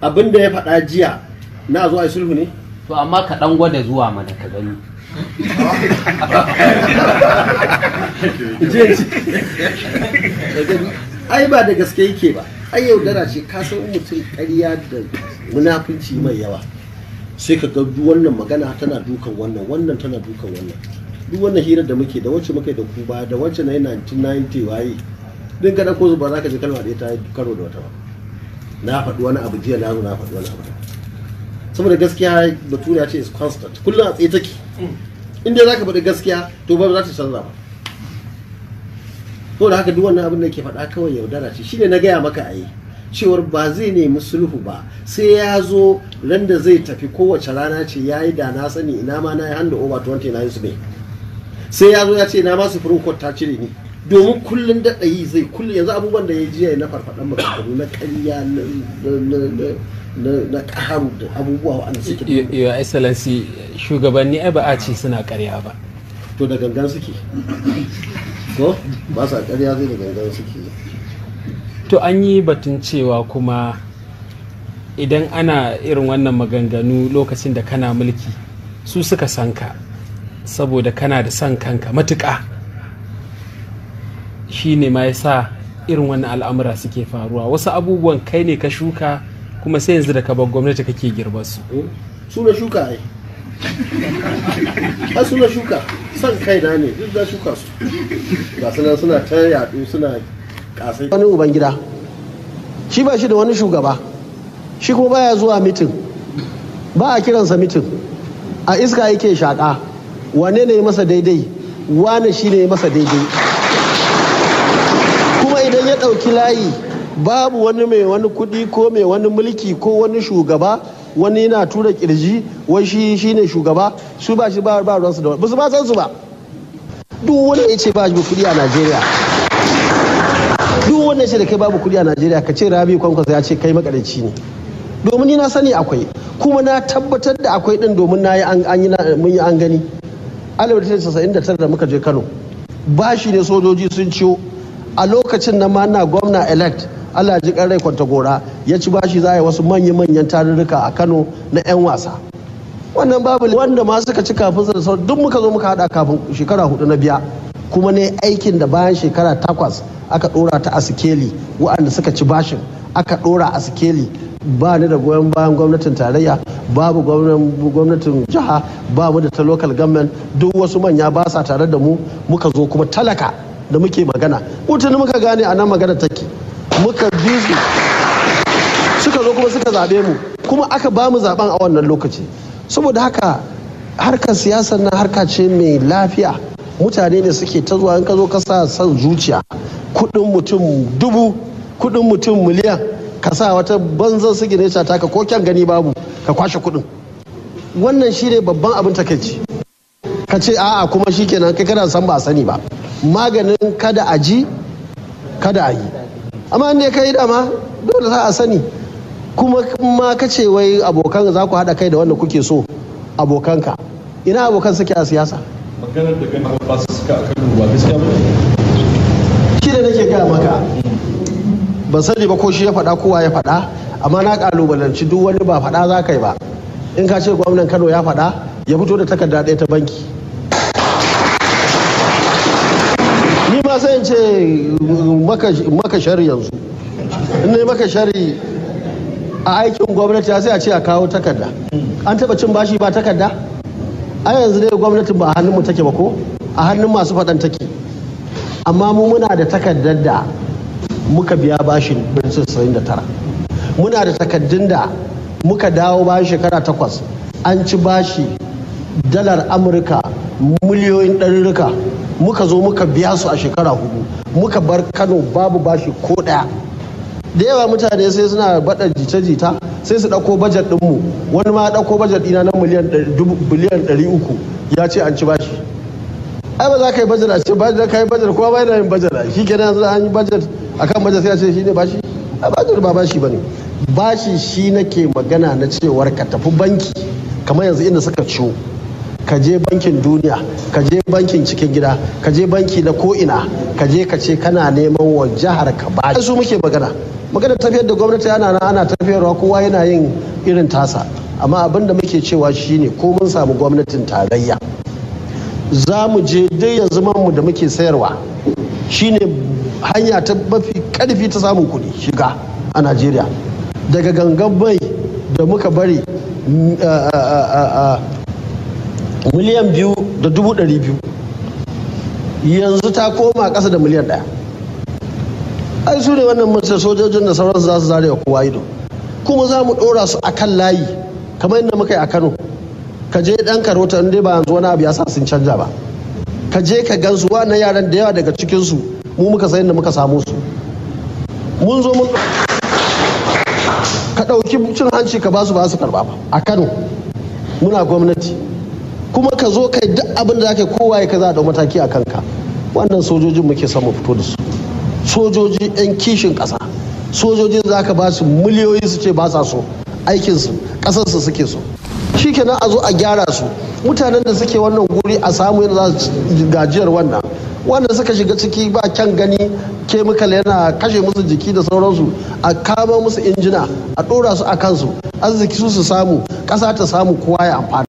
abin da ya faɗa jiya na zuwa sulhu ne to amma ka dan gwada zuwa mana ka gani ai ba da gaske yake ba ai yaudara ce ka san mutum ƙarya da munafunci mai yawa sai ka ga duk wannan magana tana dukan wannan wannan tana dukan wannan duk wannan hirar da muke da wacce muke da ku ba da wacce na 1990 waye din ka ko ba za ka je kalma da ta karo da wata ba na faɗi wani abu jiya na zo na faɗi wani abu saboda gaskiya da tura ce is constant kullum a tsaye take inda za ka faɗi gaskiya to ba za ta canza ba to da haka duk wannan abin da ke faɗa kawai yaudara ce shine na gaya maka a yi cewar ba zai nemi sulhu ba sai ya zo ran da zai tafi kowace rana ce ya yi da na sani ina ma na yi da over 20 na yi su ne sai ya zo ya ce na ma supreme court ta cire ni domin kullum daɗa yi zai kullum yanzu abubuwan da ya ji na farfaɗan maganganu na ƙarya na ƙaharu da abubuwa wa'anda suke da yawa excellency shugabanni ai ba a ce suna ƙarya ba to da gangan suke ko ba sa ƙarya zai da gangan suke to an yi batun cewa kuma idan ana irin wannan maganganu lokacin da kana mulki su suka sanka saboda kana da son kanka matuƙa shi ne ma ya sa irin wannan al'amura suke faruwa wasu abubuwan kai ne ka shuka kuma sai yanzu da ka gwamnati kake girbar su eh, su na shuka ai a su na shuka san kai na ne duk da shuka su ba suna suna ta yaɗu suna kasai wani ubangida shi ba shi da wani shugaba shi kuma baya zuwa mitin ba a kiransa mitin a iska yake shaƙa wane ne masa daidai wane shi ne masa daidai ɗauki layi babu wani mai wani kuɗi ko mai wani mulki ko wani shugaba wani yana tura kirji wai shi shine shugaba su ba shi ba su da ba su ba san su ba duk wanda ya ce ba shi kuɗi a Najeriya duk wanda ya ce da kai babu kuɗi a Najeriya ka ce Rabi Kwankwas ya ce kai makarici ne domin ni na sani akwai kuma na tabbatar da akwai din domin na yi an yi an gani 1999 da muka je Kano bashi ne sojoji sun ciwo a lokacin na Mana gwamna elect Allah ji rai kwanta gora ya ci bashi za a yi wasu manya-manyan tarurruka a Kano na 'yan wasa. Wannan babu wanda ma suka ci kafin su da duk muka zo muka hada kafin shekara hudu na biya kuma ne aikin da bayan shekara takwas aka dora ta a sikeli waɗanda suka ci bashin aka dora a sikeli ba ni da goyon bayan gwamnatin tarayya babu gwamnatin jiha babu da ta local government duk wasu manya ba sa tare da mu muka zo kuma talaka da muke magana mutane muka gane a nan magana take muka bizu suka zo kuma suka zaɓe mu kuma aka ba mu zaɓen a wannan lokaci saboda haka harkar siyasar na harka ce mai lafiya mutane ne suke ta zuwa in ka zo ka sa son zuciya kudin mutum dubu kudin mutum miliyan ka sa wata banzan su gine ta ka ko kyan gani babu ka kwashe kudin wannan shi ne babban abin takaici ka ce a'a kuma shi kenan kai kana san ba sani ba maganin kada a ji kada a yi amma ne ka yi dama dole za a sani kuma ma ka ce wai abokan za ku haɗa kai da wanda kuke so abokanka ina abokan suke a siyasa maganar da gani ba su suka a kan ba gaskiya ba shi da nake gaya maka ban sani ba ko shi ya faɗa kowa ya faɗa amma na kalubalanci duk wani ba faɗa za ka yi ba in ka ce gwamnan kano ya faɗa ya fito da takarda ɗaya ta banki sai in ce maka shari yanzu in ne maka shari a aikin gwamnati sai a ce a kawo takarda an taba cin bashi ba takarda a yanzu dai gwamnatin ba a hannun mu take ba ko a hannun masu faɗan take amma mu muna da takardar da muka biya bashin da tara muna da takardun da muka dawo bayan shekara takwas an ci bashi dalar amurka miliyoyin ɗarurruka muka zo muka biya su a shekara hudu muka bar kano babu bashi ko daya da yawa mutane sai suna bada jita-jita sai su ɗauko bajet dinmu wani ma ya ɗauko bajet ɗina na miliyan biliyan ɗari uku ya ce an ci bashi ai ba za ka yi bajet a ce bajet ka yi bajet kuma bai na yin bajet shi kenan yanzu an yi bajet kan bajet sai a ce shi ne bashi a bajet ba bashi ba ne bashi shi nake magana na cewar ka tafi banki kamar yanzu inda suka ciwo ka je bankin duniya ka je bankin cikin gida ka je banki na ko'ina ka je ka ce kana neman wa jihar ka ba su muke magana magana tafiyar da gwamnati ana na ana tafiyarwa kowa yana yin irin tasa amma abin da muke cewa shine ko mun samu gwamnatin tarayya za mu je dai yanzu zama mu da muke sayarwa shine hanya ta mafi karfi ta samun kuɗi shiga a najeriya daga gangan bai da muka bari mm, miliyan biyu da dubu ɗari biyu yanzu ta koma ƙasa da miliyan ɗaya ai su ne wannan mace sojojin da sauransu za su zare wa kowa ido kuma za mu ɗora su a kan layi kamar yadda muka yi a kano ka je ɗan ka in inda ba yanzu wani abu ya sa sun canja ba ka je ka gansu wannan yaran da yawa daga cikinsu mu muka san muka samu su mun zo mun ka ɗauki cin hanci ka ba su ba su karɓa ba a kano muna gwamnati kuma ka zo kai duk abin da zaka kowa ya kaza da mataki a kanka wannan sojojin muke son mu fito da su sojoji yan kishin ƙasa sojojin za ka ba su miliyoyi su ce ba sa so aikinsu ƙasarsu suke so shikenan a zo a gyara su mutanen da suke wannan guri a samu yadda za su gajiyar wannan wanda suka shiga ciki ba kyan gani kemikal yana kashe musu jiki da sauransu a kama musu injina a ɗora su a kansu arziki su su samu ƙasa ta samu kowa ya amfana